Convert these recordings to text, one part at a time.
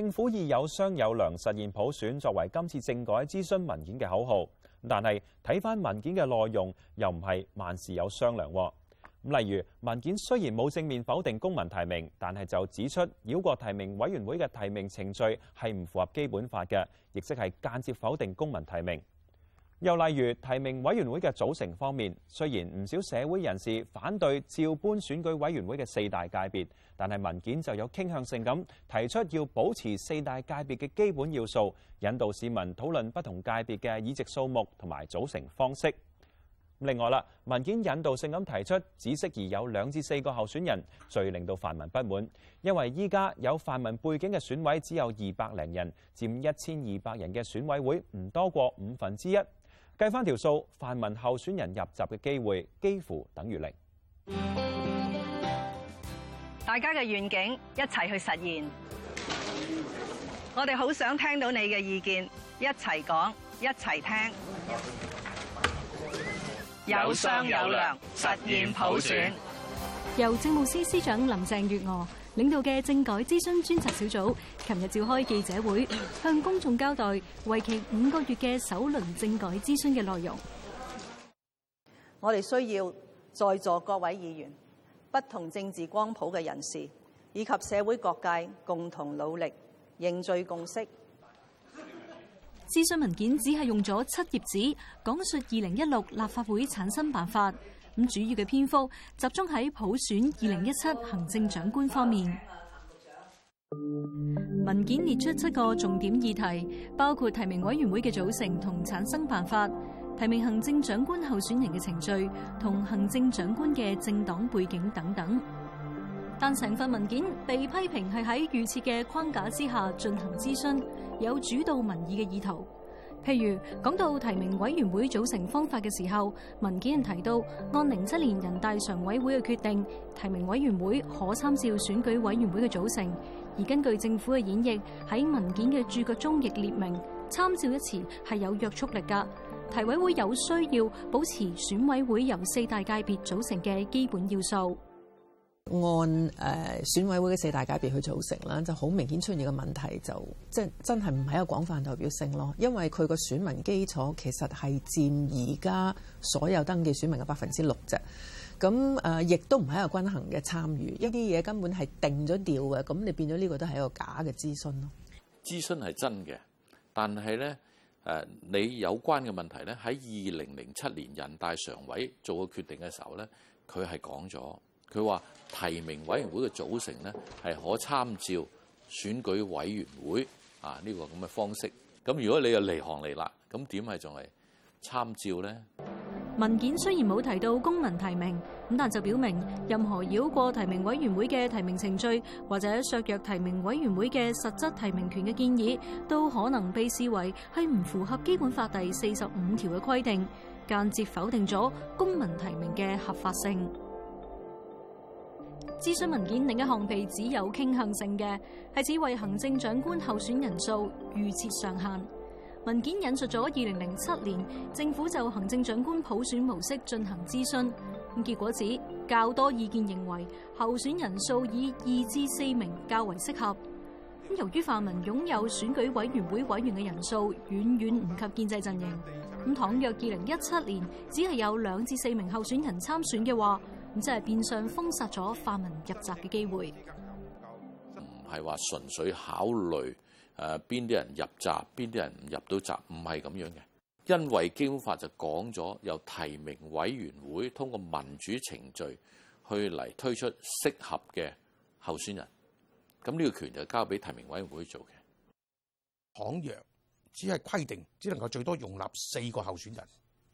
政府以有商有量實現普選作為今次政改諮詢文件嘅口號，但係睇翻文件嘅內容，又唔係萬事有商量。咁例如，文件雖然冇正面否定公民提名，但係就指出繞過提名委員會嘅提名程序係唔符合基本法嘅，亦即係間接否定公民提名。又例如，提名委員會嘅組成方面，雖然唔少社會人士反對照搬選舉委員會嘅四大界別，但係文件就有傾向性咁提出要保持四大界別嘅基本要素，引導市民討論不同界別嘅議席數目同埋組成方式。另外啦，文件引導性咁提出只適宜有兩至四個候選人，最令到泛民不滿，因為依家有泛民背景嘅選委只有二百零人，佔一千二百人嘅選委會唔多過五分之一。計翻條數，泛民候選人入閘嘅機會幾乎等於零。大家嘅願景一齊去實現，我哋好想聽到你嘅意見，一齊講，一齊聽，有商有量，實現普選。由政務司司長林鄭月娥。領導嘅政改諮詢專責小組，琴日召開記者會，向公眾交代為期五個月嘅首輪政改諮詢嘅內容。我哋需要在座各位議員、不同政治光譜嘅人士以及社會各界共同努力，凝聚共識。諮詢文件只係用咗七頁紙，講述二零一六立法會產生辦法。咁主要嘅篇幅集中喺普選二零一七行政長官方面。文件列出七個重點議題，包括提名委員會嘅組成同產生辦法、提名行政長官候選人嘅程序、同行政長官嘅政黨背景等等。但成份文件被批評係喺預設嘅框架之下進行諮詢，有主導民意嘅意圖。譬如講到提名委員會組成方法嘅時候，文件提到按零七年人大常委會嘅決定，提名委員會可參照選舉委員會嘅組成，而根據政府嘅演繹，喺文件嘅注腳中亦列明，參照一詞係有約束力㗎。提委會有需要保持選委會由四大界別組成嘅基本要素。按誒選委會嘅四大界別去組成啦，就好明顯出現嘅問題就即係真係唔係一個廣泛代表性咯。因為佢個選民基礎其實係佔而家所有登記選民嘅百分之六啫。咁誒，亦都唔係一個均衡嘅參與，一啲嘢根本係定咗調嘅。咁你變咗呢個都係一個假嘅諮詢咯。諮詢係真嘅，但係咧誒，你有關嘅問題咧喺二零零七年人大常委做個決定嘅時候咧，佢係講咗，佢話。提名委員會嘅組成呢，係可參照選舉委員會啊呢個咁嘅方式。咁如果你又離行離立，咁點解仲係參照呢？文件雖然冇提到公民提名，咁但就表明任何繞過提名委員會嘅提名程序，或者削弱提名委員會嘅實質提名權嘅建議，都可能被視為係唔符合基本法第四十五條嘅規定，間接否定咗公民提名嘅合法性。諮詢文件另一項被指有傾向性嘅係指為行政長官候選人數預設上限。文件引述咗二零零七年政府就行政長官普選模式進行諮詢，咁結果指較多意見認為候選人數以二至四名較為適合。由於泛民擁有選舉委員會委員嘅人數遠遠唔及建制陣營，咁倘若二零一七年只係有兩至四名候選人參選嘅話，咁即係變相封殺咗泛民入閘嘅機會，唔係話純粹考慮誒邊啲人入閘，邊啲人唔入到閘，唔係咁樣嘅。因為基本法就講咗，由提名委員會通過民主程序去嚟推出適合嘅候選人，咁呢個權就交俾提名委員會做嘅。倘若只係規定，只能夠最多容納四個候選人，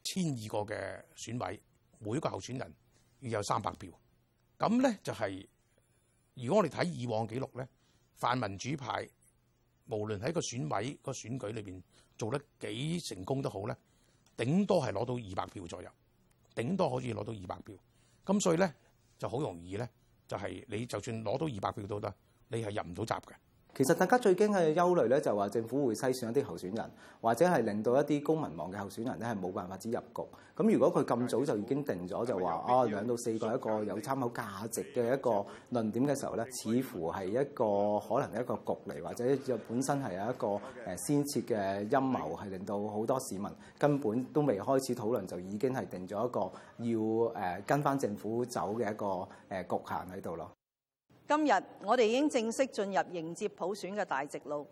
千二個嘅選委，每一個候選人，要有三百票，咁咧就係、是，如果我哋睇以往記錄咧，泛民主派無論喺個選委個選舉裏邊做得幾成功都好咧，頂多係攞到二百票左右，頂多可以攞到二百票，咁所以咧就好容易咧，就係、是、你就算攞到二百票都得，你係入唔到閘嘅。其實大家最驚嘅憂慮咧，就話政府會篩選一啲候選人，或者係令到一啲公民望嘅候選人咧係冇辦法只入局。咁如果佢咁早就已經定咗就話啊，兩到四個一個有參考價值嘅一個論點嘅時候咧，似乎係一個可能係一個局嚟，或者本身係有一個先設嘅陰謀，係令到好多市民根本都未開始討論就已經係定咗一個要跟翻政府走嘅一個局侷限喺度咯。今日我哋已經正式進入迎接普選嘅大直路，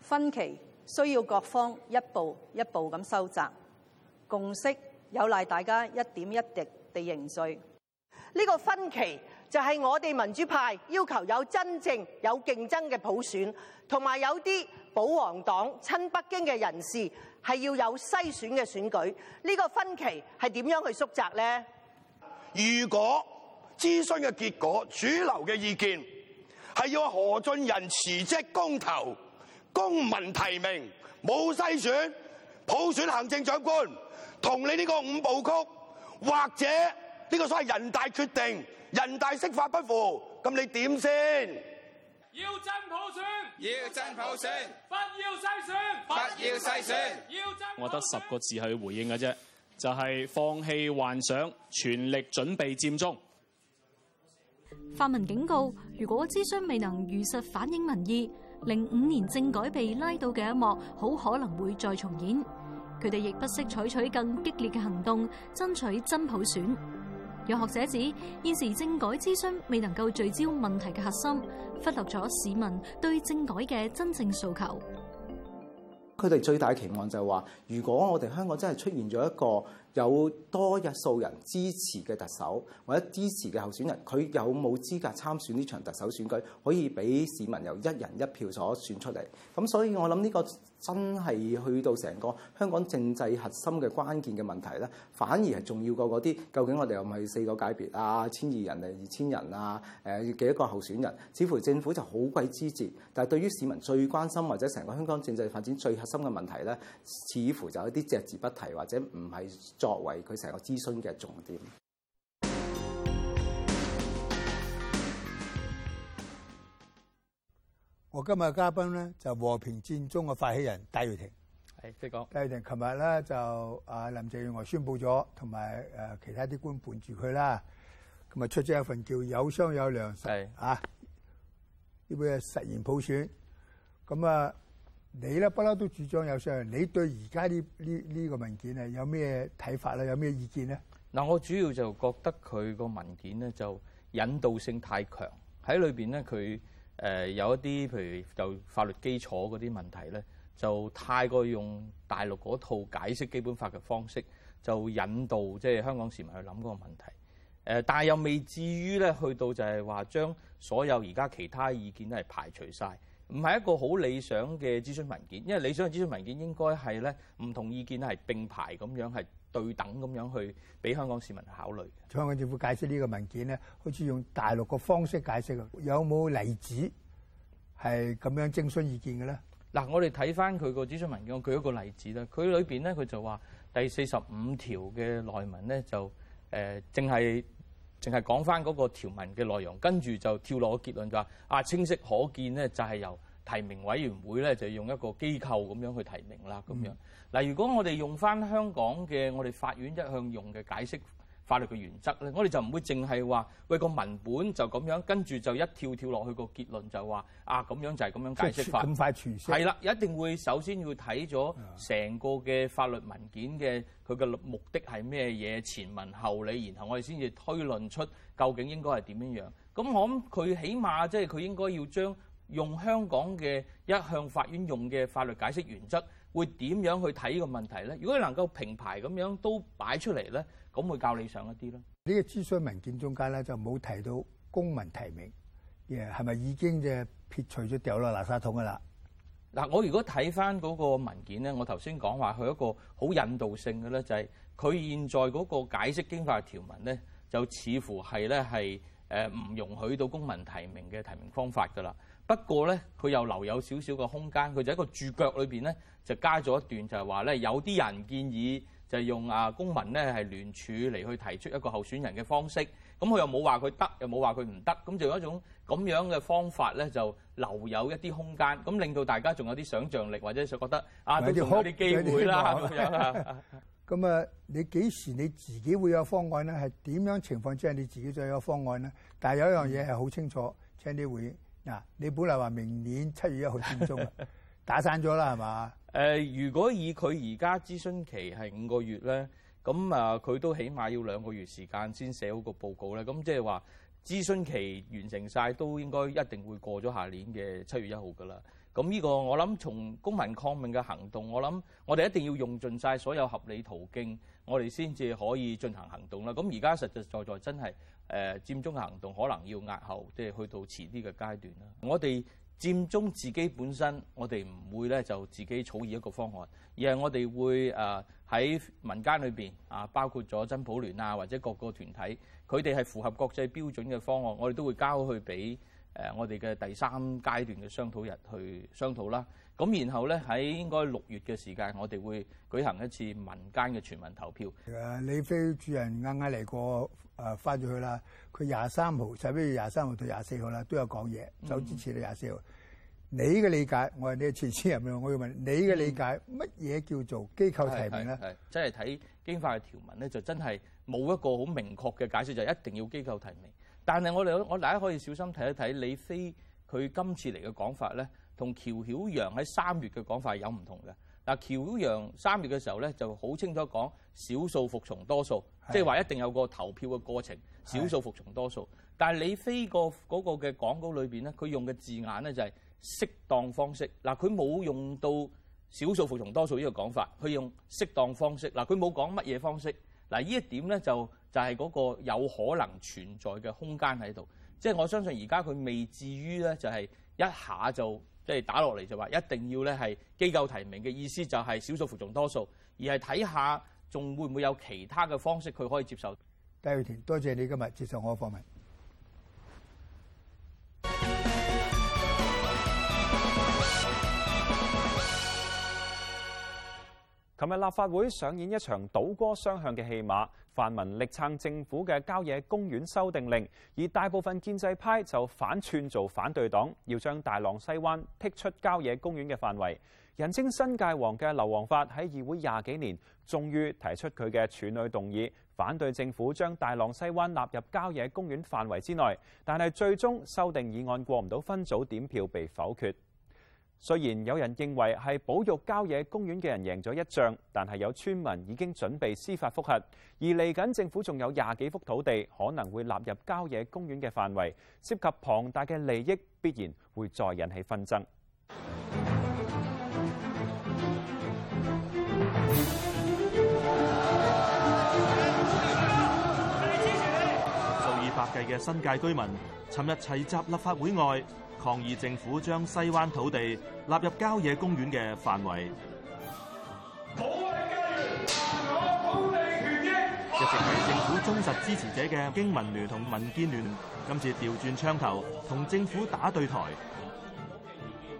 分歧需要各方一步一步咁收窄，共識有賴大家一點一滴地凝聚。呢個分歧就係我哋民主派要求有真正有競爭嘅普選，同埋有啲保皇黨、親北京嘅人士係要有篩選嘅選舉。呢個分歧係點樣去縮窄呢？如果諮詢嘅結果，主流嘅意見係要何俊仁辭職、公投、公民提名、冇篩選普選行政長官，同你呢個五部曲，或者呢個所謂人大決定、人大釋法不符，咁你點先？要真普選，要真普選，不要篩選，不要篩選，選，選，選。我得十個字去回應嘅啫，就係、是、放棄幻想，全力準備佔中。泛民警告：如果諮詢未能如實反映民意，零五年政改被拉倒嘅一幕，好可能會再重演。佢哋亦不惜採取更激烈嘅行動，爭取真普選。有學者指，現時政改諮詢未能夠聚焦問題嘅核心，忽略咗市民對政改嘅真正訴求。佢哋最大嘅期望就係話，如果我哋香港真係出現咗一個有多日數人支持嘅特首，或者支持嘅候選人，佢有冇資格參選呢場特首選舉，可以俾市民由一人一票所選出嚟？咁所以我諗呢、這個。真係去到成個香港政制核心嘅關鍵嘅問題呢，反而係重要過嗰啲，究竟我哋又唔係四個界別啊，千二人定二千人啊？誒幾多個候選人？似乎政府就好鬼枝節，但係對於市民最關心或者成個香港政制發展最核心嘅問題呢，似乎就有一啲隻字不提或者唔係作為佢成個諮詢嘅重點。我今日嘅嘉賓咧就是、和平佔中嘅發起人戴耀廷，係，即講。戴耀廷，琴日咧就啊林鄭月娥宣佈咗，同埋誒其他啲官伴住佢啦，咁咪出咗一份叫有商有量，係啊，呢本嘢實現普選。咁啊，你咧不嬲都主張有商，你對而家呢呢呢個文件啊有咩睇法咧？有咩意見咧？嗱，我主要就覺得佢個文件咧就引導性太強，喺裏邊咧佢。誒、呃、有一啲，譬如就法律基礎嗰啲問題咧，就太過用大陸嗰套解釋基本法嘅方式，就引導即係、就是、香港市民去諗嗰個問題。呃、但係又未至於咧，去到就係話將所有而家其他意見都係排除晒，唔係一個好理想嘅諮詢文件。因為理想嘅諮詢文件應該係咧唔同意見係並排咁樣係。對等咁樣去俾香港市民考慮。香港政府解釋呢個文件咧，好似用大陸個方式解釋啊，有冇例子係咁樣徵詢意見嘅咧？嗱，啊，我哋睇翻佢個諮詢文件，我舉一個例子啦。佢裏邊咧，佢就話第四十五條嘅內文咧，就誒淨係淨係講翻嗰個條文嘅內容，跟住就跳落個結論就話啊，清晰可見咧，就係由。提名委員會咧就用一個機構咁樣去提名啦，咁樣嗱。如果我哋用翻香港嘅我哋法院一向用嘅解釋法律嘅原則咧，我哋就唔會淨係話喂個文本就咁樣，跟住就一跳跳落去個結論就話啊咁樣就係咁樣解釋法，咁快，係啦，一定會首先要睇咗成個嘅法律文件嘅佢嘅目的係咩嘢，前文後理，然後我哋先至推論出究竟應該係點樣樣。咁我諗佢起碼即係佢應該要將。用香港嘅一向法院用嘅法律解釋原則會點樣去睇呢個問題咧？如果能夠平排咁樣都擺出嚟咧，咁會較理想一啲咯。呢個諮詢文件中間咧就冇提到公民提名，誒係咪已經嘅撇除咗掉落垃圾桶噶啦？嗱，我如果睇翻嗰個文件咧，我頭先講話，佢一個好引導性嘅咧，就係佢現在嗰個解釋經法條文咧，就似乎係咧係誒唔容許到公民提名嘅提名方法噶啦。不過咧，佢又留有少少嘅空間，佢就喺個注腳裏面咧，就加咗一段就，就係話咧有啲人建議就係用啊公民咧係聯署嚟去提出一個候選人嘅方式。咁佢又冇話佢得，又冇話佢唔得，咁就有一種咁樣嘅方法咧，就留有一啲空間，咁令到大家仲有啲想像力，或者就覺得啊，俾好啲機會啦咁樣啊。咁啊，係咪 你幾時你自己會有方案咧？係點樣情況之下你自己再有個方案咧？但係有一樣嘢係好清楚，請啲回應。你本嚟話明年七月一號先佔中，打散咗啦，係 嘛？誒、呃，如果以佢而家諮詢期係五個月咧，咁啊，佢都起碼要兩個月時間先寫好個報告咧。咁即係話諮詢期完成晒，都應該一定會過咗下年嘅七月一號㗎啦。咁呢個我諗，從公民抗命嘅行動，我諗我哋一定要用盡晒所有合理途徑，我哋先至可以進行行動啦。咁而家實實在在真係～誒，佔中行動可能要押後，即係去到遲啲嘅階段啦。我哋佔中自己本身，我哋唔會咧就自己草擬一個方案，而係我哋會誒喺民間裏邊啊，包括咗真普聯啊或者各個團體，佢哋係符合國際標準嘅方案，我哋都會交去俾。誒，我哋嘅第三階段嘅商討日去商討啦。咁然後咧，喺應該六月嘅時間，我哋會舉行一次民間嘅全民投票。李飛主任啱啱嚟過，誒返咗去啦。佢廿三號，十一月廿三號到廿四號啦，都有講嘢。走之前到廿四號，你嘅理解，我係你嘅前線人員。我要問你嘅理解，乜、嗯、嘢叫做機構提名咧？即係睇經法嘅條文咧，就真係冇一個好明確嘅解釋，就一定要機構提名。但係我哋我大家可以小心睇一睇李飛佢今次嚟嘅講法咧，同喬曉陽喺三月嘅講法有唔同嘅。嗱，喬曉陽三月嘅時候咧，就好清楚講少數服從多數，即係話一定有個投票嘅過程，少數服從多數。但係李飛個嗰個嘅廣告裏邊咧，佢用嘅字眼咧就係適當方式。嗱，佢冇用到少數服從多數呢個講法，佢用適當方式。嗱，佢冇講乜嘢方式。嗱，呢一點咧就。就係、是、嗰個有可能存在嘅空間喺度，即係我相信而家佢未至於咧，就係一下就即係、就是、打落嚟就話一定要咧係機構提名嘅意思，就係少數服從多數，而係睇下仲會唔會有其他嘅方式佢可以接受。戴耀廷，多謝你今日接受我嘅訪問。今日立法會上演一場倒戈雙向嘅戲碼，泛民力撐政府嘅郊野公園修訂令，而大部分建制派就反串做反對黨，要將大浪西灣剔出郊野公園嘅範圍。人稱新界王嘅劉皇發喺議會廿幾年，終於提出佢嘅處女動議，反對政府將大浪西灣納入郊野公園範圍之內，但係最終修訂議案過唔到分組點票，被否決。雖然有人認為係保育郊野公園嘅人贏咗一仗，但係有村民已經準備司法覆核，而嚟緊政府仲有廿幾幅土地可能會納入郊野公園嘅範圍，涉及龐大嘅利益，必然會再引起紛爭。數以百計嘅新界居民，尋日齊集立法會外。抗議政府將西灣土地納入郊野公園嘅範圍，一直係政府忠實支持者嘅經民聯同民建聯，今次調轉槍頭同政府打對台。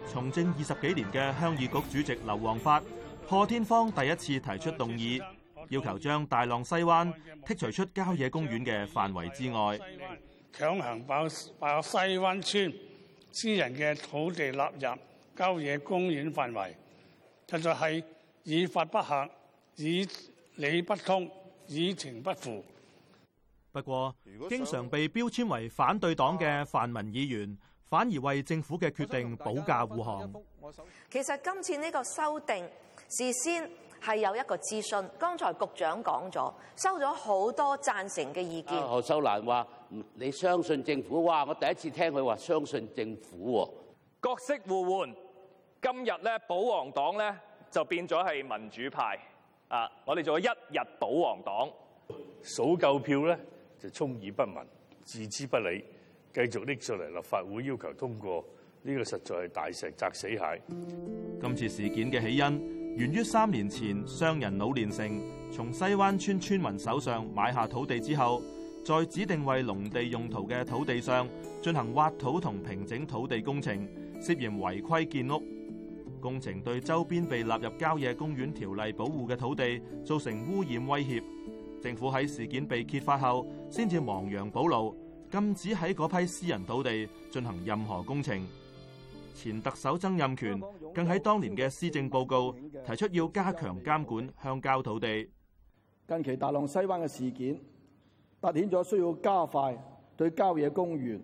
從政二十幾年嘅鄉議局主席劉皇發，破天荒第一次提出動議，要求將大浪西灣剔除出郊野公園嘅範圍之外，強行爆爆西灣村。私人嘅土地納入郊野公園範圍，實在係以法不合，以理不通，以情不符。不過，經常被標籤為反對黨嘅泛民議員，反而為政府嘅決定保駕護航。其實今次呢個修訂事先係有一個諮詢，剛才局長講咗，收咗好多贊成嘅意見。啊、何秀你相信政府？哇！我第一次聽佢話相信政府喎、啊。角色互換，今日咧保皇黨咧就變咗係民主派啊！Uh, 我哋做咗一日保皇黨數夠票咧就充耳不聞，置之不理，繼續拎上嚟立法會要求通過呢、這個實在係大石砸死蟹。今次事件嘅起因源於三年前商人魯連城從西灣村村民手上買下土地之後。在指定為農地用途嘅土地上進行挖土同平整土地工程，涉嫌違規建屋。工程對周邊被納入郊野公園條例保護嘅土地造成污染威脅。政府喺事件被揭發後，先至亡羊補牢，禁止喺嗰批私人土地進行任何工程。前特首曾蔭權更喺當年嘅施政報告提出要加強監管鄉郊土地。近期大浪西灣嘅事件，凸顯咗需要加快對郊野公園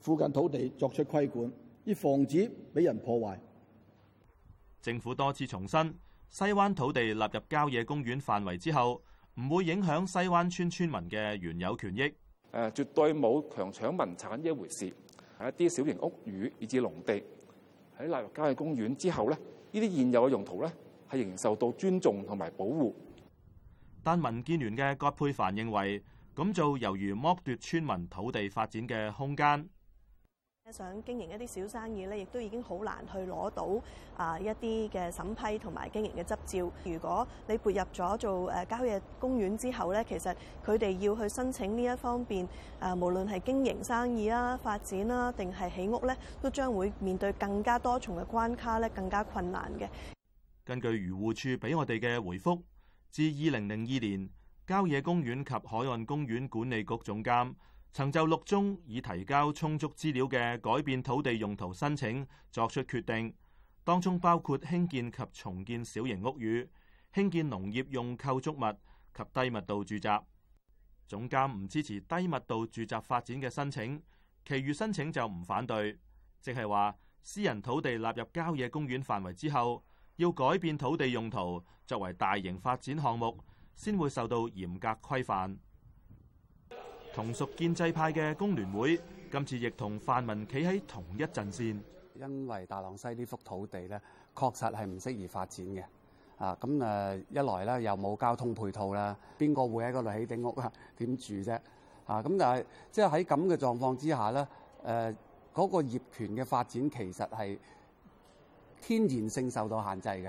附近土地作出規管，以防止俾人破壞。政府多次重申，西灣土地納入郊野公園範圍之後，唔會影響西灣村村民嘅原有權益。誒，絕對冇強搶民產一回事。係一啲小型屋宇以至農地喺納入郊野公園之後咧，呢啲現有嘅用途咧係仍受到尊重同埋保護。但民建聯嘅葛珮帆認為。咁就猶如剝奪村民土地發展嘅空間。想經營一啲小生意咧，亦都已經好難去攞到啊一啲嘅審批同埋經營嘅執照。如果你撥入咗做誒郊野公園之後咧，其實佢哋要去申請呢一方面，誒無論係經營生意啊、發展啊，定係起屋咧，都將會面對更加多重嘅關卡咧，更加困難嘅。根據漁護處俾我哋嘅回覆，至二零零二年，郊野公園及海岸公園管理局總監曾就六宗已提交充足資料嘅改變土地用途申請作出決定，當中包括興建及重建小型屋宇、興建農業用構築物及低密度住宅。總監唔支持低密度住宅發展嘅申請，其餘申請就唔反對，即係話私人土地納入郊野公園範圍之後，要改變土地用途作為大型發展項目。先會受到嚴格規範。同屬建制派嘅工聯會，今次亦同泛民企喺同一陣線。因為大浪西呢幅土地咧，確實係唔適宜發展嘅。啊，咁誒，一來咧又冇交通配套啦，邊個會喺嗰度起頂屋啊？點住啫？啊，咁但係即係喺咁嘅狀況之下咧，誒，嗰個業權嘅發展其實係天然性受到限制嘅。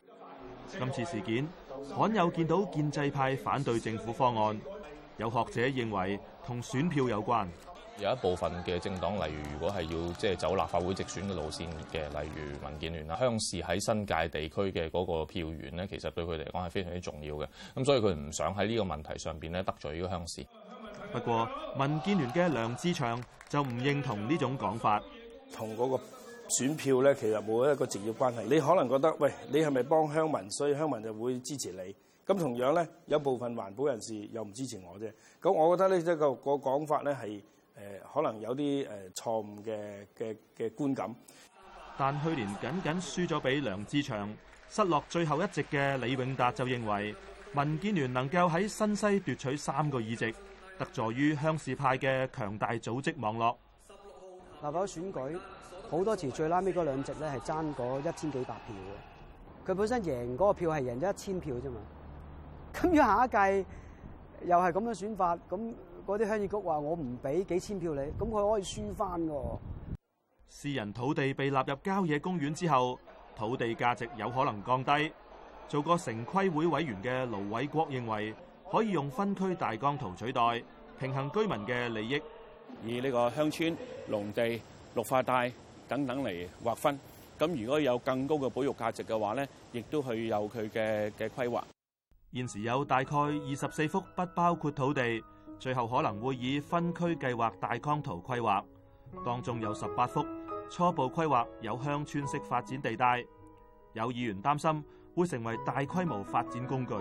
今次事件。罕有見到建制派反對政府方案，有學者認為同選票有關。有一部分嘅政黨，例如如果係要即係走立法會直選嘅路線嘅，例如民建聯啦，鄉事喺新界地區嘅嗰個票源呢，其實對佢嚟講係非常之重要嘅。咁所以佢唔想喺呢個問題上邊咧得罪呢個鄉事。不過，民建聯嘅梁志祥就唔認同呢種講法，同嗰個選票咧，其實冇一個直接關係。你可能覺得，喂，你係咪幫鄉民，所以鄉民就會支持你。咁同樣咧，有部分環保人士又唔支持我啫。咁我覺得呢、這、一個、那個講法咧係誒，可能有啲誒、呃、錯誤嘅嘅嘅觀感。但去年僅僅輸咗俾梁志祥，失落最後一席嘅李永達就認為，民建聯能夠喺新西奪取三個議席，得助於鄉事派嘅強大組織網絡。立法選舉。好多時最拉尾嗰兩席咧，係爭嗰一千幾百票嘅。佢本身贏嗰個票係贏咗一千票啫嘛。咁要下一屆又係咁樣選法，咁嗰啲鄉議局話我唔俾幾千票你，咁佢可以輸翻噶。私人土地被納入郊野公園之後，土地價值有可能降低。做過城規會委員嘅盧偉國認為，可以用分區大綱圖取代，平衡居民嘅利益。以呢個鄉村、農地、綠化帶。等等嚟劃分，咁如果有更高嘅保育價值嘅話呢，亦都去有佢嘅嘅規劃。現時有大概二十四幅，不包括土地，最後可能會以分區計劃大綱圖規劃。當中有十八幅初步規劃有鄉村式發展地帶。有議員擔心會成為大規模發展工具。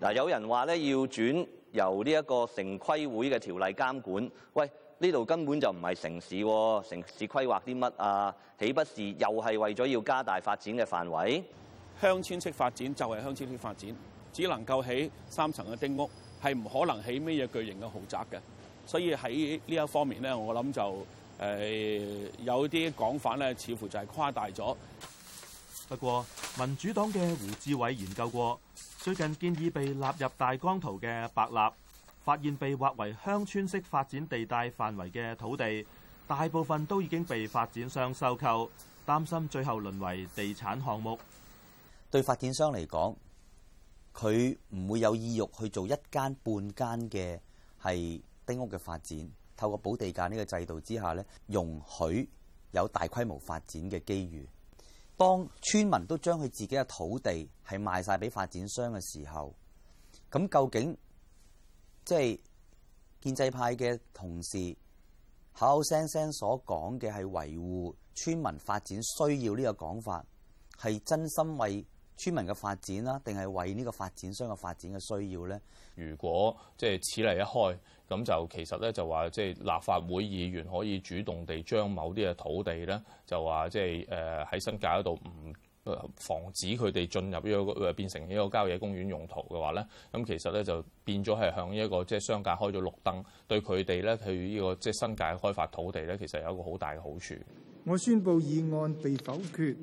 嗱，有人話咧，要轉由呢一個城規會嘅條例監管，喂。呢度根本就唔係城市，啊，城市規劃啲乜啊？豈不又是又係為咗要加大發展嘅範圍？鄉村式發展就係鄉村式發展，只能夠起三層嘅丁屋，係唔可能起咩嘢巨型嘅豪宅嘅。所以喺呢一方面呢，我諗就誒、呃、有啲講法呢，似乎就係誇大咗。不過，民主黨嘅胡志偉研究過最近建議被納入大綱圖嘅白臘。發現被劃為鄉村式發展地帶範圍嘅土地，大部分都已經被發展商收購，擔心最後淪為地產項目。對發展商嚟講，佢唔會有意欲去做一間半間嘅係丁屋嘅發展。透過補地價呢個制度之下咧，容許有大規模發展嘅機遇。當村民都將佢自己嘅土地係賣晒俾發展商嘅時候，咁究竟，即係建制派嘅同事口口聲聲所講嘅係維護村民發展需要呢個講法，係真心為村民嘅發展啦，定係為呢個發展商嘅發展嘅需要呢？如果即係此例一開，咁就其實呢，就話即係立法會議員可以主動地將某啲嘅土地呢，就話即係喺新界嗰度唔。防止佢哋進入呢個變成呢個郊野公園用途嘅話咧，咁其實咧就變咗係向呢一個即係商界開咗綠燈，對佢哋咧去呢個即係新界的開發土地咧，其實有一個好大嘅好處。我宣佈議案被否決。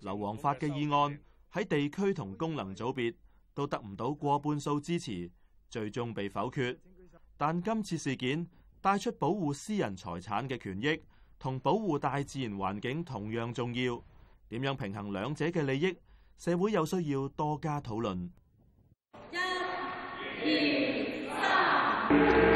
劉皇發嘅議案喺地區同功能組別都得唔到過半數支持，最終被否決。但今次事件帶出保護私人財產嘅權益同保護大自然環境同樣重要。點樣平衡兩者嘅利益？社會有需要多加討論。一、二、三。